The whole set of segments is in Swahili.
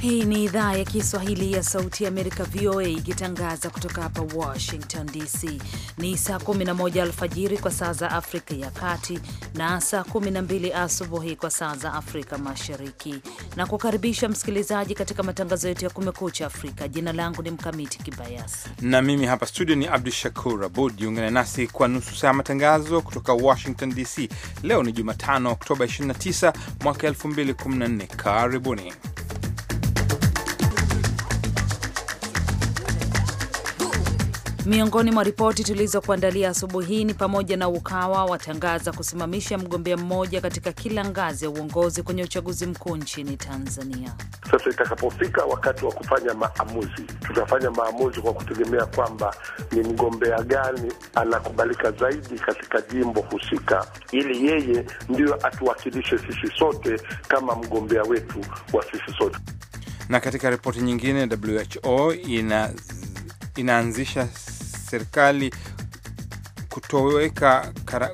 Hii ni idhaa ya Kiswahili ya Sauti ya Amerika, VOA, ikitangaza kutoka hapa Washington DC. Ni saa 11 alfajiri kwa saa za Afrika ya Kati na saa 12 asubuhi kwa saa za Afrika Mashariki, na kukaribisha msikilizaji katika matangazo yetu ya Kumekucha Afrika. Jina langu ni Mkamiti Kibayasi na mimi hapa studio ni Abdu Shakur Abud. Jiungane nasi kwa nusu saa ya matangazo kutoka Washington DC. Leo ni Jumatano, Oktoba 29 mwaka 2014. Karibuni. Miongoni mwa ripoti tulizokuandalia asubuhi hii ni pamoja na Ukawa watangaza kusimamisha mgombea mmoja katika kila ngazi ya uongozi kwenye uchaguzi mkuu nchini Tanzania. Sasa itakapofika wakati wa kufanya maamuzi, tutafanya maamuzi kwa kutegemea kwamba ni mgombea gani anakubalika zaidi katika jimbo husika, ili yeye ndiyo atuwakilishe sisi sote kama mgombea wetu wa sisi sote. Na katika ripoti nyingine, WHO ina inaanzisha serikali kutoweka, kara,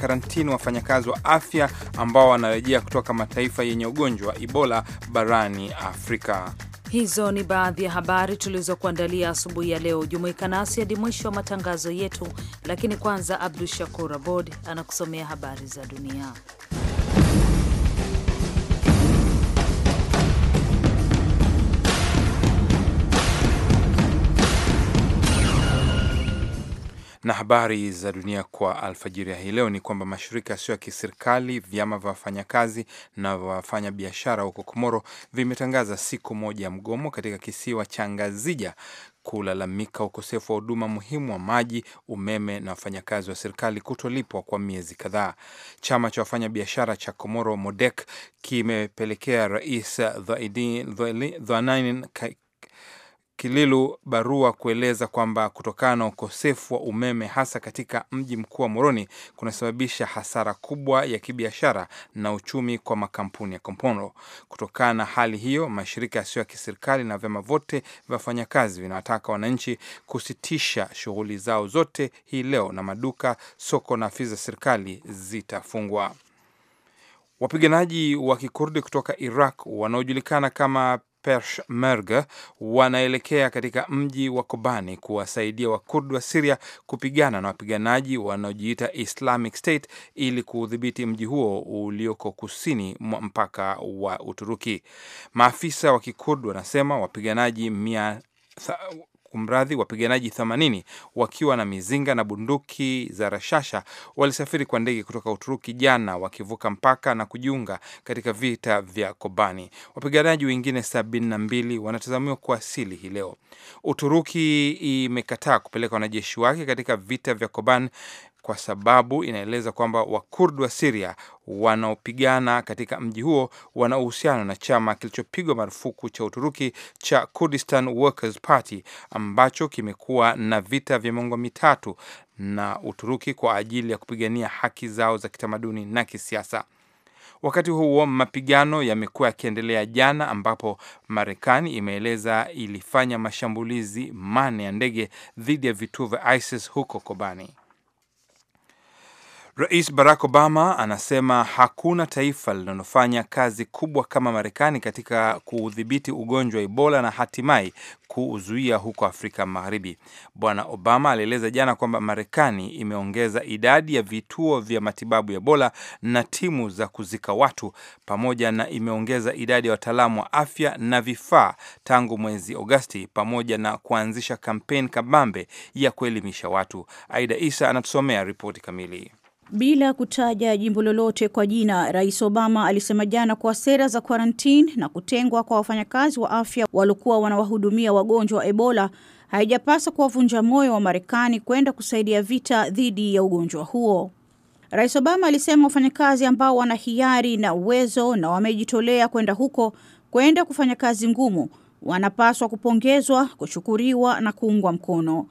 karantini wafanyakazi wa afya ambao wanarejea kutoka mataifa yenye ugonjwa wa Ebola barani Afrika. Hizo ni baadhi ya habari tulizokuandalia asubuhi ya leo. Jumuika nasi hadi mwisho wa matangazo yetu, lakini kwanza Abdu Shakur Abod anakusomea habari za dunia. Na habari za dunia kwa alfajiri ya hii leo ni kwamba mashirika yasiyo ya kiserikali, vyama vya wafanyakazi na wafanya biashara huko Komoro vimetangaza siku moja ya mgomo katika kisiwa cha Ngazija kulalamika ukosefu wa huduma muhimu wa maji, umeme na wafanyakazi wa serikali kutolipwa kwa miezi kadhaa. Chama cha wafanyabiashara cha Komoro, MODEK, kimepelekea Rais Dhlani Kililu barua kueleza kwamba kutokana na ukosefu wa umeme hasa katika mji mkuu wa Moroni kunasababisha hasara kubwa ya kibiashara na uchumi kwa makampuni ya Komoro. Kutokana na hali hiyo, mashirika yasiyo ya kiserikali na vyama vyote vya wafanyakazi vinawataka wananchi kusitisha shughuli zao zote hii leo, na maduka, soko na afisi za serikali zitafungwa. Wapiganaji wa Kikurdi kutoka Iraq wanaojulikana kama Peshmerga wanaelekea katika mji wa Kobani kuwasaidia Wakurdi wa Siria kupigana na wapiganaji wanaojiita Islamic State ili kuudhibiti mji huo ulioko kusini mwa mpaka wa Uturuki. Maafisa wa Kikurdi wanasema wapiganaji mia kumradhi, wapiganaji 80 wakiwa na mizinga na bunduki za rashasha walisafiri kwa ndege kutoka Uturuki jana wakivuka mpaka na kujiunga katika vita vya Kobani. Wapiganaji wengine 72 wanatazamiwa kuwasili hii leo. Uturuki imekataa kupeleka wanajeshi wake katika vita vya Kobani kwa sababu inaeleza kwamba Wakurdi wa Siria wanaopigana katika mji huo wana uhusiano na chama kilichopigwa marufuku cha Uturuki cha Kurdistan Workers Party ambacho kimekuwa na vita vya miongo mitatu na Uturuki kwa ajili ya kupigania haki zao za kitamaduni na kisiasa. Wakati huo mapigano yamekuwa yakiendelea jana, ambapo Marekani imeeleza ilifanya mashambulizi mane ya ndege dhidi ya vituo vya ISIS huko Kobani. Rais Barack Obama anasema hakuna taifa linalofanya kazi kubwa kama Marekani katika kuudhibiti ugonjwa wa Ebola na hatimaye kuuzuia huko Afrika Magharibi. Bwana Obama alieleza jana kwamba Marekani imeongeza idadi ya vituo vya matibabu ya Ebola na timu za kuzika watu pamoja na imeongeza idadi ya wataalamu wa afya na vifaa tangu mwezi Agosti pamoja na kuanzisha kampeni kabambe ya kuelimisha watu. Aida Isa anatusomea ripoti kamili. Bila kutaja jimbo lolote kwa jina, Rais Obama alisema jana kuwa sera za quarantine na kutengwa kwa wafanyakazi wa afya waliokuwa wanawahudumia wagonjwa wa Ebola haijapaswa kuwavunja moyo wa Marekani kwenda kusaidia vita dhidi ya ugonjwa huo. Rais Obama alisema wafanyakazi ambao wana hiari na uwezo na wamejitolea kwenda huko kwenda kufanya kazi ngumu wanapaswa kupongezwa, kushukuriwa na kuungwa mkono.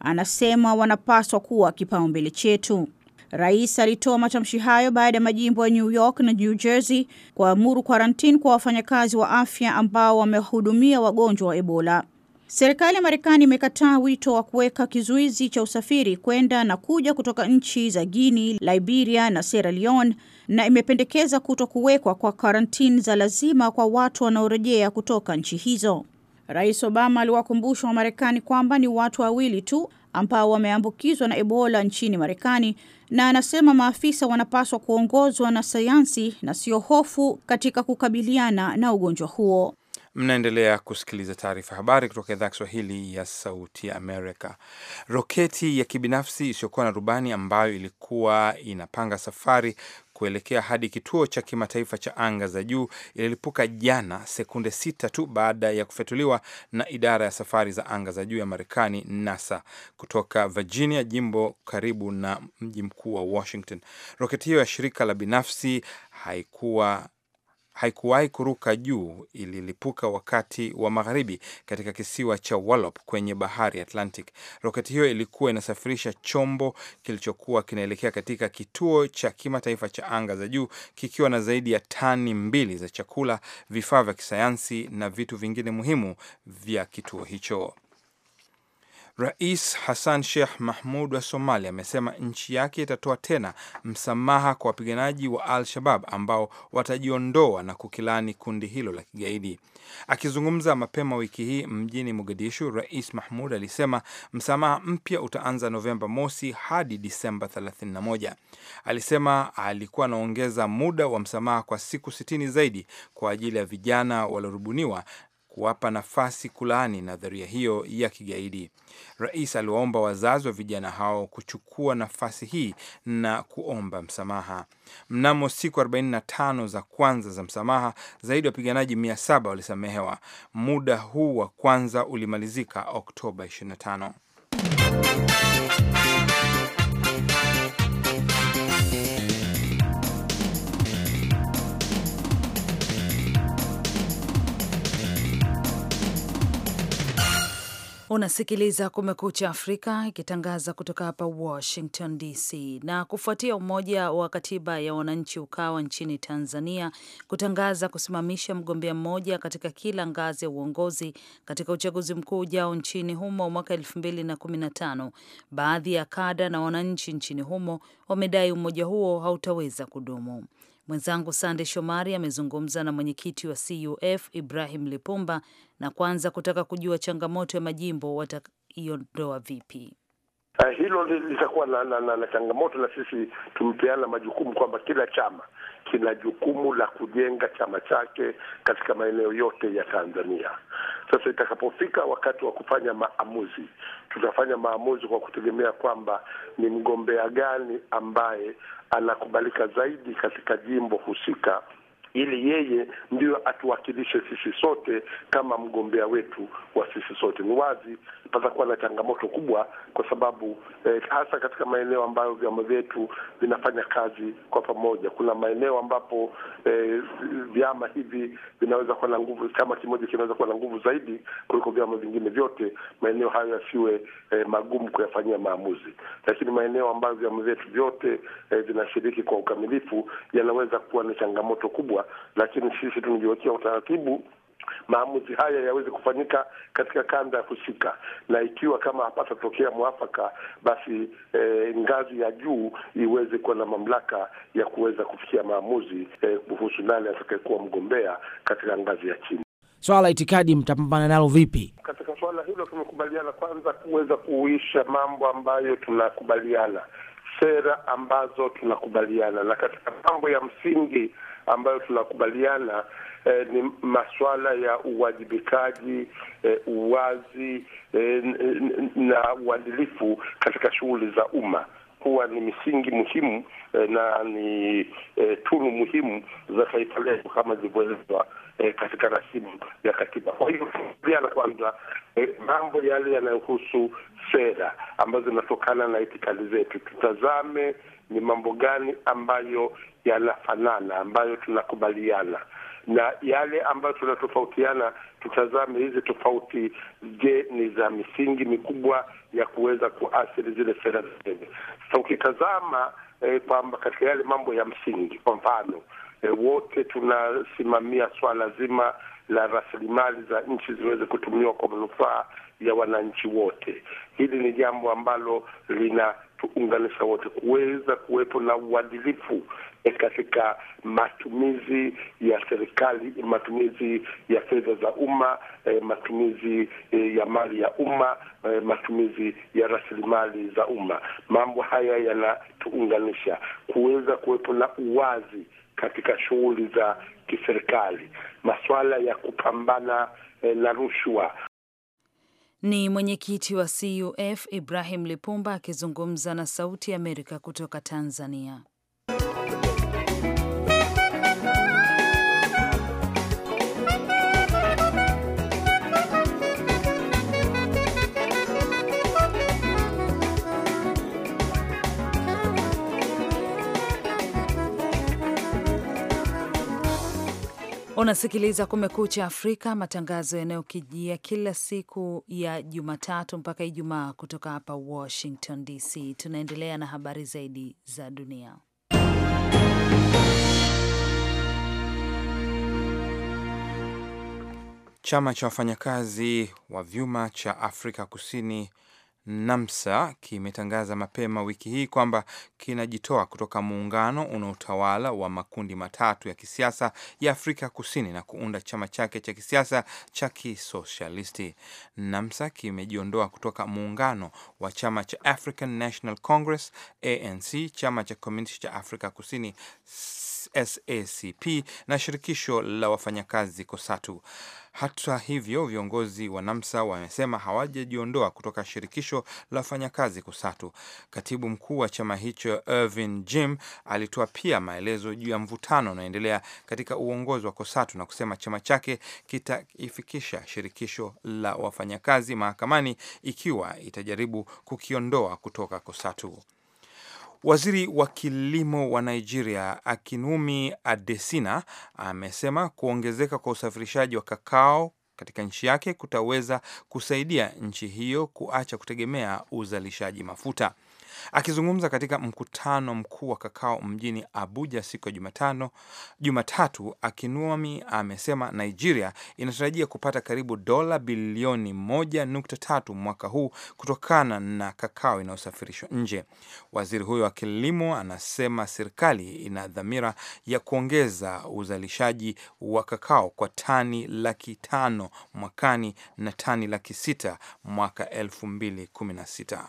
Anasema wanapaswa kuwa kipaumbele chetu. Rais alitoa matamshi hayo baada ya majimbo ya New York na New Jersey kuamuru quarantine kwa wafanyakazi wa afya ambao wamehudumia wagonjwa wa Ebola. Serikali ya Marekani imekataa wito wa kuweka kizuizi cha usafiri kwenda na kuja kutoka nchi za Guinea, Liberia na Sierra Leone na imependekeza kuto kuwekwa kwa karantini za lazima kwa watu wanaorejea kutoka nchi hizo. Rais Obama aliwakumbusha marekani kwamba ni watu wawili tu ambao wameambukizwa na Ebola nchini Marekani na anasema maafisa wanapaswa kuongozwa na sayansi na sio hofu katika kukabiliana na ugonjwa huo. Mnaendelea kusikiliza taarifa habari kutoka idhaa ya Kiswahili ya Sauti ya Amerika. Roketi ya kibinafsi isiyokuwa na rubani ambayo ilikuwa inapanga safari kuelekea hadi kituo cha kimataifa cha anga za juu ililipuka jana sekunde sita tu baada ya kufyatuliwa na idara ya safari za anga za juu ya Marekani NASA kutoka Virginia, jimbo karibu na mji mkuu wa Washington. Roketi hiyo ya shirika la binafsi haikuwa haikuwahi kuruka juu, ililipuka wakati wa magharibi katika kisiwa cha Wallop kwenye bahari Atlantic. Roketi hiyo ilikuwa inasafirisha chombo kilichokuwa kinaelekea katika kituo cha kimataifa cha anga za juu kikiwa na zaidi ya tani mbili za chakula, vifaa vya kisayansi na vitu vingine muhimu vya kituo hicho. Rais Hassan Sheikh Mahmud wa Somalia amesema nchi yake itatoa tena msamaha kwa wapiganaji wa Al-Shabab ambao watajiondoa na kukilani kundi hilo la kigaidi. Akizungumza mapema wiki hii mjini Mogadishu, Rais Mahmud alisema msamaha mpya utaanza Novemba mosi hadi Disemba 31. Alisema alikuwa anaongeza muda wa msamaha kwa siku sitini zaidi kwa ajili ya vijana waliorubuniwa kuwapa nafasi kulaani nadharia hiyo ya kigaidi. Rais aliwaomba wazazi wa vijana hao kuchukua nafasi hii na kuomba msamaha. Mnamo siku 45 za kwanza za msamaha, zaidi ya wapiganaji 700 walisamehewa. Muda huu wa kwanza ulimalizika Oktoba 25. Unasikiliza Kumekucha Afrika ikitangaza kutoka hapa Washington DC. Na kufuatia umoja wa katiba ya wananchi Ukawa nchini Tanzania kutangaza kusimamisha mgombea mmoja katika kila ngazi ya uongozi katika uchaguzi mkuu ujao nchini humo mwaka na kumi tano, baadhi ya kada na wananchi nchini humo wamedai umoja huo hautaweza kudumu. Mwenzangu Sande Shomari amezungumza na mwenyekiti wa CUF Ibrahim Lipumba na kwanza kutaka kujua changamoto ya majimbo wataiondoa vipi. Uh, hilo litakuwa na na, na, na changamoto, na sisi tumepeana majukumu kwamba kila chama kina jukumu la kujenga chama chake katika maeneo yote ya Tanzania. Sasa itakapofika wakati wa kufanya maamuzi, tutafanya maamuzi kwa kutegemea kwamba ni mgombea gani ambaye anakubalika zaidi katika jimbo husika ili yeye ndiyo atuwakilishe sisi sote kama mgombea wetu wa sisi sote. Ni wazi patakuwa na changamoto kubwa, kwa sababu eh, hasa katika maeneo ambayo vyama vyetu vinafanya kazi kwa pamoja. Kuna maeneo ambapo eh, vyama hivi vinaweza kuwa na nguvu, chama kimoja kinaweza kuwa na nguvu zaidi kuliko vyama vingine vyote. Maeneo hayo yasiwe eh, magumu kuyafanyia maamuzi, lakini maeneo ambayo vyama vyetu vyote eh, vinashiriki kwa ukamilifu yanaweza kuwa na changamoto kubwa kuchukuliwa, lakini sisi tunajiwekea utaratibu maamuzi haya yaweze kufanyika katika kanda ya husika, na ikiwa kama hapatatokea mwafaka, basi e, ngazi ya juu iweze kuwa na mamlaka ya kuweza kufikia maamuzi e, kuhusu nani atakayekuwa mgombea katika ngazi ya chini. Swala la itikadi mtapambana nalo vipi? Katika swala hilo tumekubaliana kwanza kuweza kuuisha mambo ambayo tunakubaliana sera ambazo tunakubaliana, na katika mambo ya msingi ambayo tunakubaliana eh, ni masuala ya uwajibikaji eh, uwazi eh, na uadilifu katika shughuli za umma huwa ni misingi muhimu eh, na ni eh, tunu muhimu za taifa letu kama zilivyoelezwa eh, katika rasimu ya katiba. Kwa hivyo la kwanza eh, mambo yale yanayohusu sera ambazo zinatokana na itikadi zetu, tutazame ni mambo gani ambayo yanafanana, ambayo tunakubaliana na yale ambayo tunatofautiana, tutazame hizi tofauti. Je, ni za misingi mikubwa ya kuweza kuathiri zile sera zenyewe? Sasa ukitazama eh, kwamba katika yale mambo ya msingi, kwa mfano eh, wote tunasimamia swala zima la rasilimali za nchi ziweze kutumiwa kwa manufaa ya wananchi wote. Hili ni jambo ambalo lina tuunganisha wote kuweza kuwepo na uadilifu e katika matumizi ya serikali, matumizi ya fedha za umma, e, matumizi e, ya mali ya umma, e, matumizi ya rasilimali za umma. Mambo haya yanatuunganisha kuweza kuwepo na uwazi katika shughuli za kiserikali, masuala ya kupambana e, na rushwa ni mwenyekiti wa CUF Ibrahim Lipumba akizungumza na Sauti ya Amerika kutoka Tanzania. Unasikiliza Kumekucha Afrika, matangazo yanayokijia kila siku ya Jumatatu mpaka Ijumaa kutoka hapa Washington DC. Tunaendelea na habari zaidi za dunia. Chama cha wafanyakazi wa vyuma cha Afrika Kusini Namsa kimetangaza mapema wiki hii kwamba kinajitoa kutoka muungano unaotawala wa makundi matatu ya kisiasa ya Afrika Kusini na kuunda chama chake cha kisiasa cha kisosialisti Namsa kimejiondoa kutoka muungano wa chama cha African National Congress ANC, chama cha Communist cha Afrika Kusini SACP e na shirikisho la wafanyakazi KOSATU. Hata hivyo viongozi wa NAMSA wamesema hawajajiondoa kutoka shirikisho la wafanyakazi KOSATU. Katibu mkuu wa chama hicho Irvin Jim alitoa pia maelezo juu ya mvutano unaoendelea katika uongozi wa KOSATU na kusema chama chake kitaifikisha shirikisho la wafanyakazi mahakamani ikiwa itajaribu kukiondoa kutoka KOSATU. Waziri wa kilimo wa Nigeria Akinumi Adesina amesema kuongezeka kwa usafirishaji wa kakao katika nchi yake kutaweza kusaidia nchi hiyo kuacha kutegemea uzalishaji mafuta. Akizungumza katika mkutano mkuu wa kakao mjini Abuja siku ya Jumatano Jumatatu, Akinuami amesema Nigeria inatarajia kupata karibu dola bilioni 1.3 mwaka huu kutokana na kakao inayosafirishwa nje. Waziri huyo wa kilimo anasema serikali ina dhamira ya kuongeza uzalishaji wa kakao kwa tani laki tano mwakani na tani laki sita mwaka elfu mbili kumi na sita.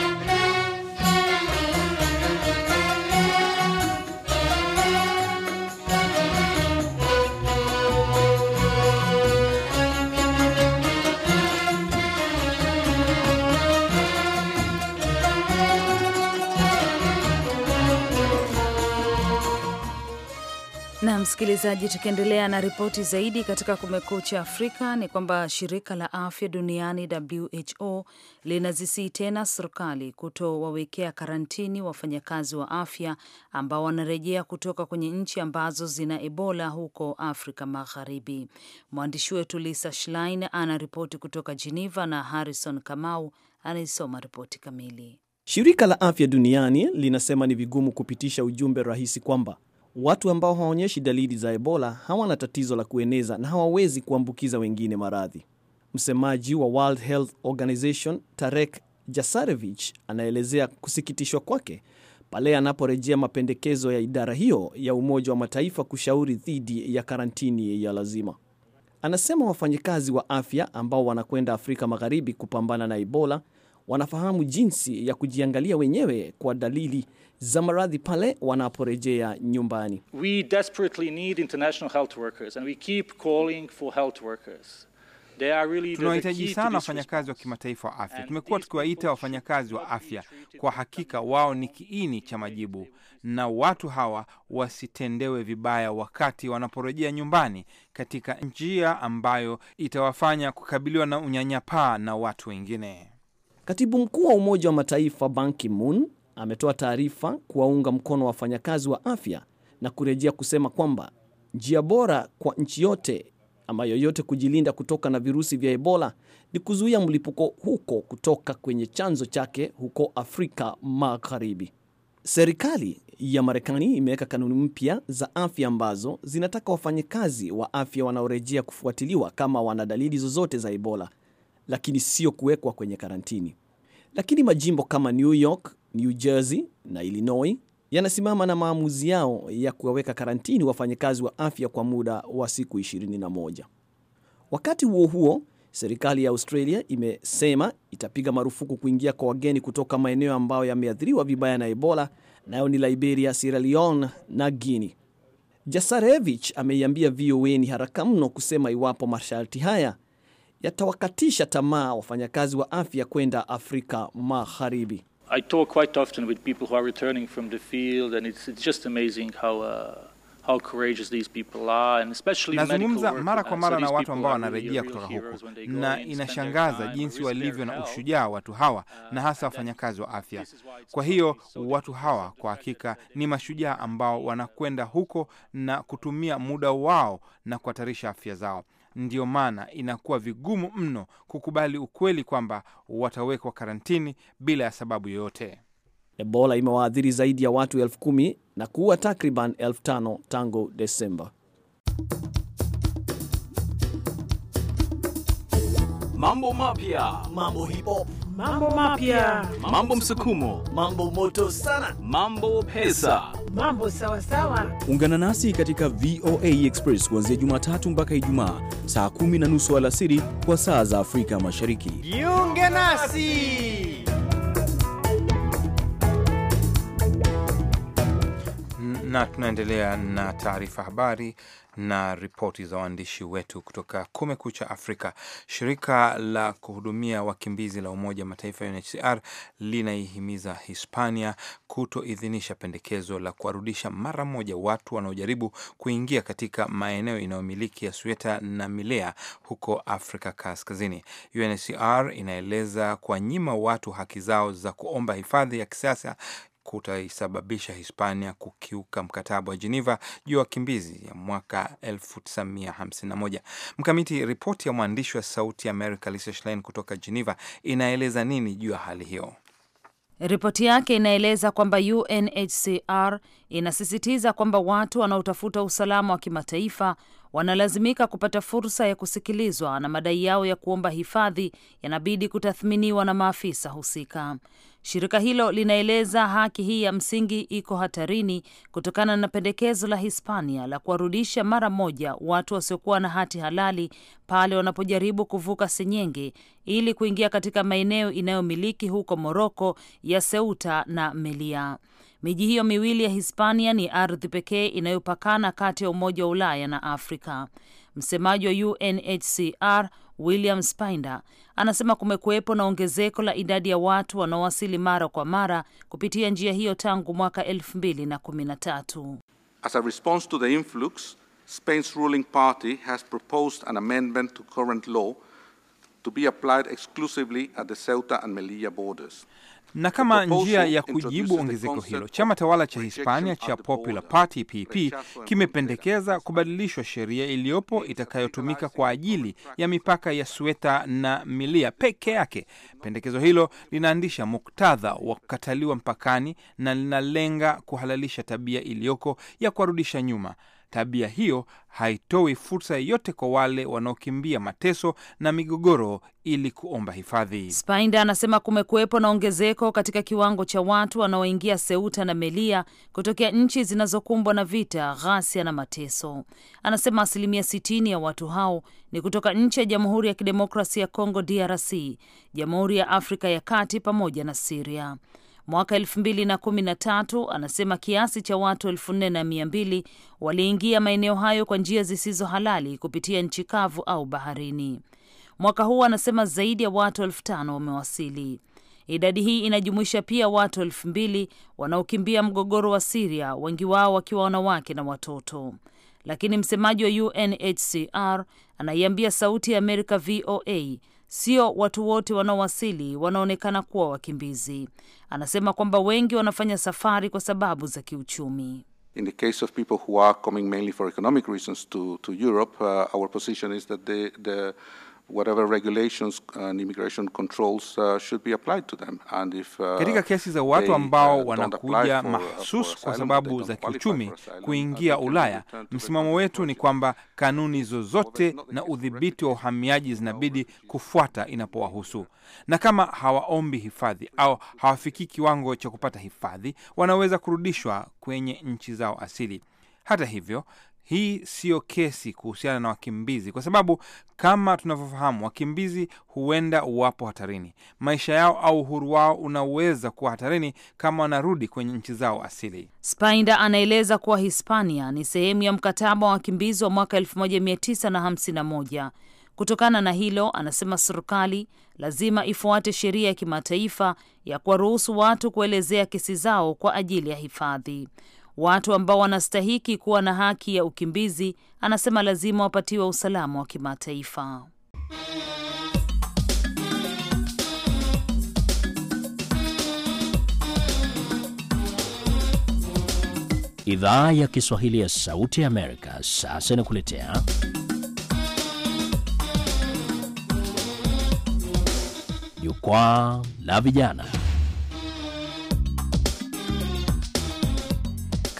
msikilizaji, tukiendelea na ripoti zaidi katika Kumekucha Afrika ni kwamba shirika la afya duniani WHO linazisii tena serikali kutowawekea karantini wafanyakazi wa afya ambao wanarejea kutoka kwenye nchi ambazo zina Ebola huko Afrika Magharibi. Mwandishi wetu Lisa Schlein ripoti kutoka Geneva na Harrison Kamau anaisoma ripoti kamili. Shirika la afya duniani linasema ni vigumu kupitisha ujumbe rahisi kwamba Watu ambao hawaonyeshi dalili za Ebola hawana tatizo la kueneza na hawawezi kuambukiza wengine maradhi. Msemaji wa World Health Organization Tarek Jasarevich anaelezea kusikitishwa kwake pale anaporejea mapendekezo ya idara hiyo ya Umoja wa Mataifa kushauri dhidi ya karantini ya lazima. Anasema wafanyikazi wa afya ambao wanakwenda Afrika Magharibi kupambana na Ebola wanafahamu jinsi ya kujiangalia wenyewe kwa dalili za maradhi pale wanaporejea nyumbani. We desperately need international health workers and we keep calling for health workers. Really tunawahitaji sana wafanyakazi wa kimataifa wa afya. Tumekuwa tukiwaita wafanyakazi wa afya, kwa hakika wao ni kiini cha majibu, na watu hawa wasitendewe vibaya wakati wanaporejea nyumbani, katika njia ambayo itawafanya kukabiliwa na unyanyapaa na watu wengine. Katibu mkuu wa Umoja wa Mataifa Ban Ki-moon ametoa taarifa kuwaunga mkono wafanyakazi wa afya na kurejea kusema kwamba njia bora kwa nchi yote ama yoyote kujilinda kutoka na virusi vya Ebola ni kuzuia mlipuko huko kutoka kwenye chanzo chake huko Afrika Magharibi. Serikali ya Marekani imeweka kanuni mpya za afya ambazo zinataka wafanyakazi wa afya wanaorejea kufuatiliwa kama wana dalili zozote za Ebola lakini sio kuwekwa kwenye karantini. Lakini majimbo kama New York, New Jersey na Illinois yanasimama na maamuzi yao ya kuwaweka karantini wafanyakazi wa afya kwa muda wa siku 21. Wakati huo huo, serikali ya Australia imesema itapiga marufuku kuingia kwa wageni kutoka maeneo ambayo yameathiriwa vibaya na Ebola, nayo ni Liberia, Sierra Leone na Guinea. Jasarevich ameiambia VOA ni haraka mno kusema iwapo masharti haya yatawakatisha tamaa wafanyakazi wa afya kwenda Afrika Magharibi. I talk quite often with people who are returning from the field and it's, it's just amazing how uh, how courageous these people are and especially nazungumza mara uh, kwa mara so na watu ambao wanarejea kutoka huko, na inashangaza jinsi walivyo na ushujaa watu hawa, uh, na hasa wafanyakazi wa afya. Kwa hiyo watu hawa kwa hakika ni mashujaa ambao wanakwenda huko na kutumia muda wao na kuhatarisha afya zao. Ndiyo maana inakuwa vigumu mno kukubali ukweli kwamba watawekwa karantini bila ya sababu yoyote. Ebola imewaathiri zaidi ya watu elfu kumi na kuua takriban elfu tano tangu Desemba. Mambo mapya, mambo hipo, mambo mapya, mambo msukumo, mambo moto sana, mambo pesa mambo sawa sawa. Ungana nasi katika VOA Express kuanzia Jumatatu mpaka Ijumaa saa kumi na nusu alasiri kwa saa za Afrika Mashariki. Jiunge nasi. Na tunaendelea na taarifa habari na ripoti za waandishi wetu kutoka Kumekucha Afrika. Shirika la kuhudumia wakimbizi la Umoja Mataifa UNHCR linaihimiza Hispania kutoidhinisha pendekezo la kuwarudisha mara moja watu wanaojaribu kuingia katika maeneo inayomiliki ya Sweta na Milea huko Afrika Kaskazini. UNHCR inaeleza kwa nyima watu haki zao za kuomba hifadhi ya kisasa kutaisababisha Hispania kukiuka mkataba wa Geneva juu ya wakimbizi ya mwaka 1951. Mkamiti, ripoti ya mwandishi wa Sauti America Amerika Lisa Schlein kutoka Geneva inaeleza nini juu ya hali hiyo? Ripoti yake inaeleza kwamba UNHCR inasisitiza kwamba watu wanaotafuta usalama wa kimataifa wanalazimika kupata fursa ya kusikilizwa na madai yao ya kuomba hifadhi yanabidi kutathminiwa na maafisa husika. Shirika hilo linaeleza haki hii ya msingi iko hatarini kutokana na pendekezo la Hispania la kuwarudisha mara moja watu wasiokuwa na hati halali pale wanapojaribu kuvuka senyenge ili kuingia katika maeneo inayomiliki huko Moroko ya Ceuta na melia Miji hiyo miwili ya Hispania ni ardhi pekee inayopakana kati ya Umoja wa Ulaya na Afrika. Msemaji wa UNHCR William Spinder anasema kumekuwepo na ongezeko la idadi ya watu wanaowasili mara kwa mara kupitia njia hiyo tangu mwaka elfu2 2013. As a response to the influx, Spain's ruling party has proposed an amendment to current law to be applied exclusively at the Ceuta and Melilla borders. Na kama njia ya kujibu ongezeko hilo, chama tawala cha Hispania cha Popular Party PP kimependekeza kubadilishwa sheria iliyopo itakayotumika kwa ajili ya mipaka ya Sueta na Milia peke yake. Pendekezo hilo linaandisha muktadha wa kukataliwa mpakani na linalenga kuhalalisha tabia iliyoko ya kuwarudisha nyuma Tabia hiyo haitoi fursa yoyote kwa wale wanaokimbia mateso na migogoro ili kuomba hifadhi. Spinda anasema kumekuwepo na ongezeko katika kiwango cha watu wanaoingia seuta na melia kutokea nchi zinazokumbwa na vita, ghasia na mateso. Anasema asilimia 60 ya watu hao ni kutoka nchi ya Jamhuri ya Kidemokrasia ya Kongo DRC, Jamhuri ya Afrika ya Kati pamoja na Siria mwaka 2013 anasema kiasi cha watu elfu nne na mia mbili waliingia maeneo hayo kwa njia zisizo halali kupitia nchi kavu au baharini. Mwaka huu anasema zaidi ya watu elfu tano wamewasili. Idadi hii inajumuisha pia watu elfu mbili wanaokimbia mgogoro wa Siria, wengi wao wakiwa wanawake na watoto. Lakini msemaji wa UNHCR anaiambia Sauti ya Amerika VOA Sio watu wote wanaowasili wanaonekana kuwa wakimbizi. Anasema kwamba wengi wanafanya safari kwa sababu za kiuchumi. In the case of people who are coming mainly for economic reasons to, to Europe, uh, our position is that the, the katika kesi za watu uh, ambao wanakuja uh, mahsus kwa sababu za kiuchumi kuingia Ulaya, msimamo wetu ni kwamba kanuni zozote na udhibiti wa uhamiaji zinabidi kufuata inapowahusu, na kama hawaombi hifadhi au hawafikii kiwango cha kupata hifadhi, wanaweza kurudishwa kwenye nchi zao asili. Hata hivyo hii siyo kesi kuhusiana na wakimbizi, kwa sababu kama tunavyofahamu, wakimbizi huenda wapo hatarini, maisha yao au uhuru wao unaweza kuwa hatarini kama wanarudi kwenye nchi zao asili. Spinder anaeleza kuwa Hispania ni sehemu ya mkataba wa wakimbizi wa mwaka 1951. Kutokana na hilo, anasema serikali lazima ifuate sheria ya kimataifa ya kuwaruhusu watu kuelezea kesi zao kwa ajili ya hifadhi watu ambao wanastahiki kuwa na haki ya ukimbizi, anasema lazima wapatiwe usalama wa kimataifa. Idhaa ya Kiswahili ya Sauti ya Amerika sasa inakuletea jukwaa la vijana.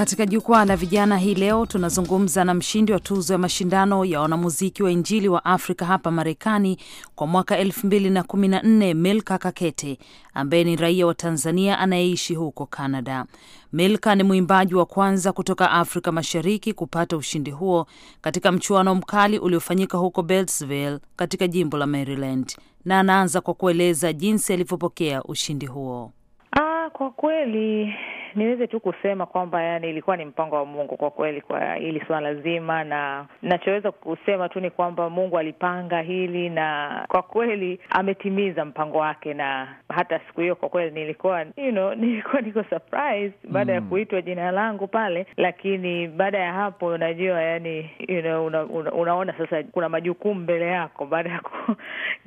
Katika jukwaa la vijana hii leo tunazungumza na mshindi wa tuzo ya mashindano ya wanamuziki wa Injili wa Afrika hapa Marekani kwa mwaka 2014 Milka Kakete ambaye ni raia wa Tanzania anayeishi huko Canada. Milka ni mwimbaji wa kwanza kutoka Afrika Mashariki kupata ushindi huo katika mchuano mkali uliofanyika huko Beltsville katika jimbo la Maryland, na anaanza kwa kueleza jinsi alivyopokea ushindi huo. Ah, kwa kweli niweze tu kusema kwamba yani ilikuwa ni mpango wa Mungu kwa kweli kwa hili swala zima, na nachoweza kusema tu ni kwamba Mungu alipanga hili na kwa kweli ametimiza mpango wake. Na hata siku hiyo kwa kweli nilikuwa you know, nilikuwa niko surprise baada mm. ya kuitwa jina langu pale, lakini baada ya hapo unajua yani you know, una, una, unaona sasa kuna majukumu mbele yako baada ya, ku,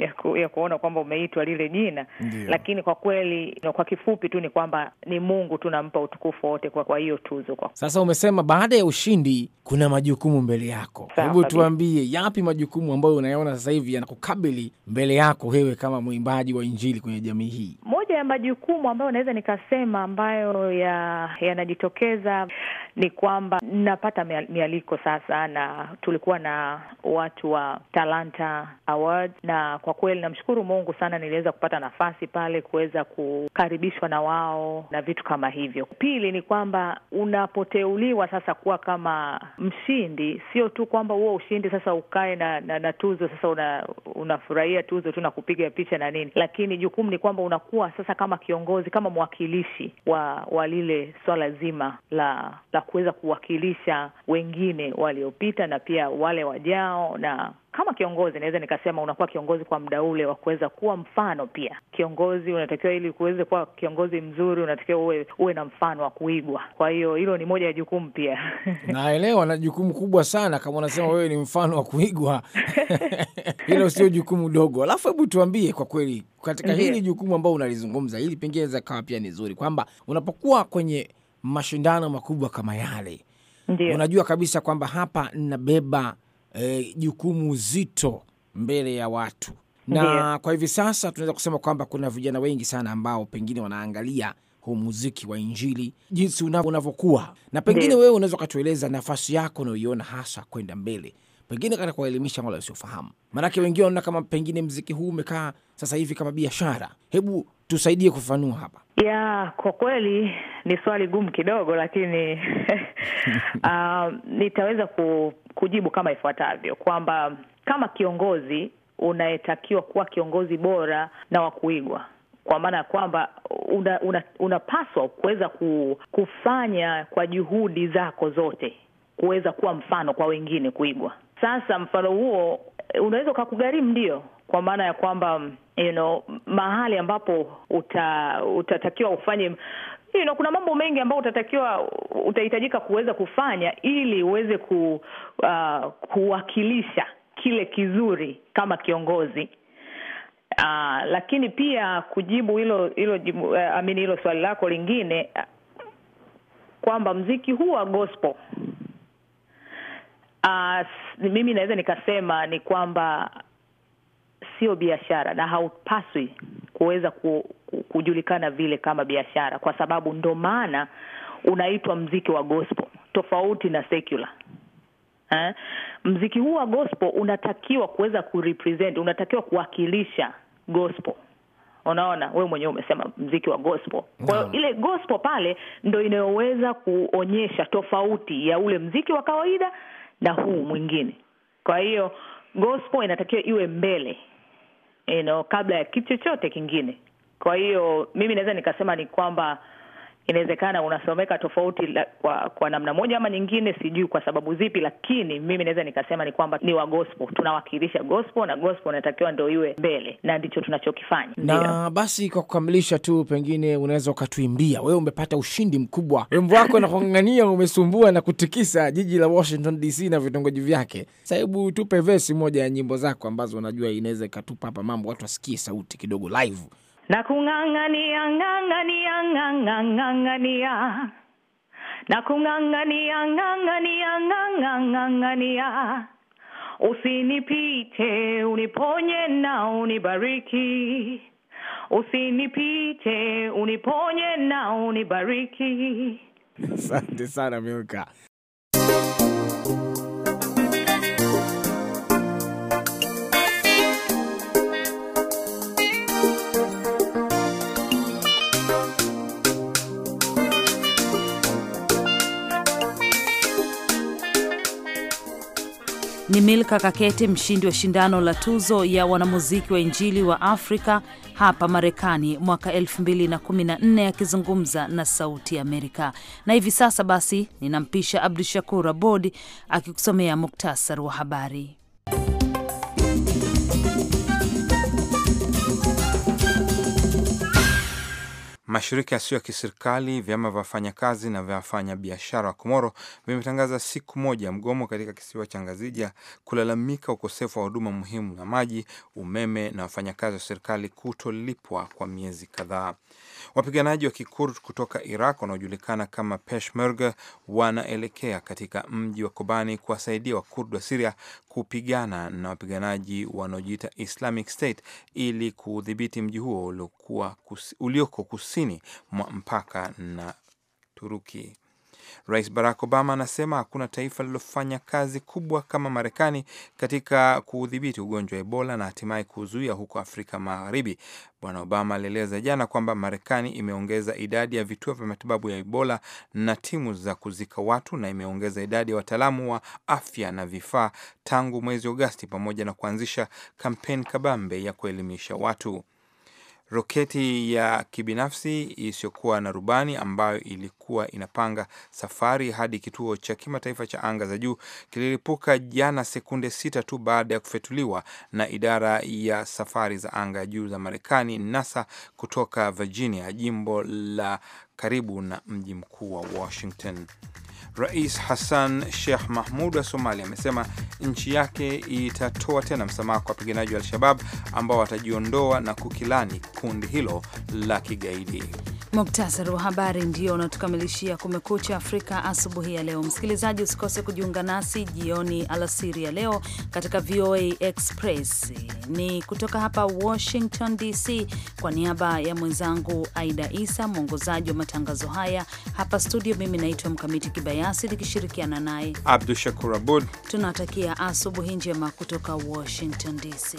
ya, ku, ya kuona kwamba umeitwa lile jina Ndiyo. Lakini kwa kweli you know, kwa kifupi tu ni kwamba ni Mungu tuna kumpa utukufu wote kwa, kwa hiyo tuzo kwa. Sasa umesema baada ya ushindi kuna majukumu mbele yako, hebu tuambie yapi majukumu ambayo unayaona sasa hivi yanakukabili mbele yako wewe kama mwimbaji wa injili kwenye jamii hii? moja ya majukumu ambayo naweza nikasema ambayo yanajitokeza ya ni kwamba napata mialiko sasa, na tulikuwa na watu wa Talanta Awards, na kwa kweli namshukuru Mungu sana, niliweza kupata nafasi pale kuweza kukaribishwa na wao na vitu kama hivyo. Pili ni kwamba unapoteuliwa sasa kuwa kama mshindi, sio tu kwamba huo ushindi sasa ukae na, na, na tuzo sasa, unafurahia una tuzo tu na kupiga picha na nini, lakini jukumu ni kwamba unakuwa sasa sasa kama kiongozi, kama mwakilishi wa wa lile swala zima la la kuweza kuwakilisha wengine waliopita na pia wale wajao na kama kiongozi naweza nikasema unakuwa kiongozi kwa muda ule wa kuweza kuwa mfano. Pia kiongozi unatakiwa, ili kuweze kuwa kiongozi mzuri, unatakiwa uwe, uwe na mfano wa kuigwa. Kwa hiyo hilo ni moja ya jukumu pia. Naelewa na jukumu kubwa sana, kama unasema wewe ni mfano wa kuigwa hilo sio jukumu dogo. Alafu hebu tuambie kwa kweli, katika hili jukumu ambao unalizungumza, hili pengine za kawa pia ni zuri kwamba unapokuwa kwenye mashindano makubwa kama yale, unajua kabisa kwamba hapa nabeba Eh, jukumu e, zito mbele ya watu na yeah. Kwa hivi sasa tunaweza kusema kwamba kuna vijana wengi sana ambao pengine wanaangalia huu muziki wa Injili jinsi unavyokuwa, na pengine yeah. Wewe unaweza ukatueleza nafasi yako unayoiona hasa kwenda mbele pengine katika kuwaelimisha wale wasiofahamu, maanake wengine wanaona kama pengine mziki huu umekaa sasa hivi kama biashara. Hebu tusaidie kufafanua hapa. Ya, kwa kweli ni swali gumu kidogo, lakini uh, nitaweza kujibu kama ifuatavyo kwamba kama kiongozi unayetakiwa kuwa kiongozi bora na wa kuigwa kwa maana ya kwamba unapaswa una, una kuweza kufanya kwa juhudi zako zote kuweza kuwa mfano kwa wengine kuigwa. Sasa mfano huo unaweza ukakugharimu, ndio, kwa maana ya kwamba you know, mahali ambapo uta, utatakiwa ufanye you know, kuna mambo mengi ambayo utatakiwa utahitajika kuweza kufanya ili uweze ku, uh, kuwakilisha kile kizuri kama kiongozi. Uh, lakini pia kujibu hilo hilo uh, amini hilo swali lako lingine uh, kwamba mziki huu wa gospel Uh, mimi naweza nikasema ni kwamba sio biashara na haupaswi kuweza ku, ku, kujulikana vile kama biashara, kwa sababu ndo maana unaitwa mziki wa gospel tofauti na secular. Ha? Eh? Mziki huu wa gospel unatakiwa kuweza kurepresent, unatakiwa kuwakilisha gospel. Unaona, wewe mwenyewe umesema mziki wa gospel. Kwa hiyo ile gospel pale ndo inayoweza kuonyesha tofauti ya ule mziki wa kawaida na huu mwingine. Kwa hiyo gospel inatakiwa iwe mbele you know, kabla ya kitu chochote kingine. Kwa hiyo mimi naweza nikasema ni kwamba inawezekana unasomeka tofauti la, kwa, kwa namna moja ama nyingine, sijui kwa sababu zipi, lakini mimi naweza nikasema ni kwamba ni wa gospel, tunawakilisha gospel na gospel inatakiwa ndo iwe mbele, na ndicho tunachokifanya. Na basi kwa kukamilisha tu, pengine unaweza ukatuimbia wewe, umepata ushindi mkubwa, wimbo wako nakungangania umesumbua na kutikisa jiji la Washington DC na vitongoji vyake. Sasa hebu tupe vesi moja ya nyimbo zako ambazo unajua inaweza ikatupa hapa mambo, watu wasikie sauti kidogo live na kung'ang'ania ng'ang'ania ng'ang'ang'ania na kung'ang'ania ng'ang'ania ng'ang'ang'ania usinipite uniponye na unibariki usinipite uniponye na unibariki asante sana milka ni Milka Kakete, mshindi wa shindano la tuzo ya wanamuziki wa Injili wa Afrika hapa Marekani mwaka 2014 akizungumza na Sauti Amerika. Na hivi sasa basi ninampisha Abdu Shakur Abod akikusomea muktasari wa habari. Mashirika yasiyo ya kiserikali, vyama vya wafanyakazi na vya wafanyabiashara wa Komoro vimetangaza siku moja mgomo katika kisiwa cha Ngazija kulalamika ukosefu wa huduma muhimu na maji, umeme na wafanyakazi wa serikali kutolipwa kwa miezi kadhaa. Wapiganaji wa kikurd kutoka Iraq wanaojulikana kama Peshmerga wanaelekea katika mji wa Kobani kuwasaidia wakurd wa Siria kupigana na wapiganaji wanaojiita Islamic State ili kudhibiti mji huo ulioko kusini mwa mpaka na Turuki. Rais Barack Obama anasema hakuna taifa lililofanya kazi kubwa kama Marekani katika kuudhibiti ugonjwa wa Ebola na hatimaye kuzuia huko Afrika Magharibi. Bwana Obama alieleza jana kwamba Marekani imeongeza idadi ya vituo vya matibabu ya Ebola na timu za kuzika watu na imeongeza idadi ya wataalamu wa afya na vifaa tangu mwezi Agosti, pamoja na kuanzisha kampeni kabambe ya kuelimisha watu. Roketi ya kibinafsi isiyokuwa na rubani ambayo ilikuwa inapanga safari hadi kituo cha kimataifa cha anga za juu kililipuka jana sekunde sita tu baada ya kufyatuliwa na idara ya safari za anga ya juu za Marekani NASA kutoka Virginia, jimbo la karibu na mji mkuu wa Washington. Rais Hassan Sheikh Mahmud wa Somalia amesema nchi yake itatoa tena msamaha kwa wapiganaji wa Al-Shabab ambao watajiondoa na kukilani kundi hilo la kigaidi. Muktasari wa habari ndio unatukamilishia Kumekucha Afrika asubuhi ya leo. Msikilizaji, usikose kujiunga nasi jioni, alasiri ya leo katika VOA Express. Ni kutoka hapa Washington DC, kwa niaba ya mwenzangu Aida Isa, mwongozaji wa matangazo haya hapa studio. Mimi naitwa Mkamiti Kibayasi nikishirikiana naye Abdu Shakur Abud. Tunawatakia asubuhi njema kutoka Washington DC.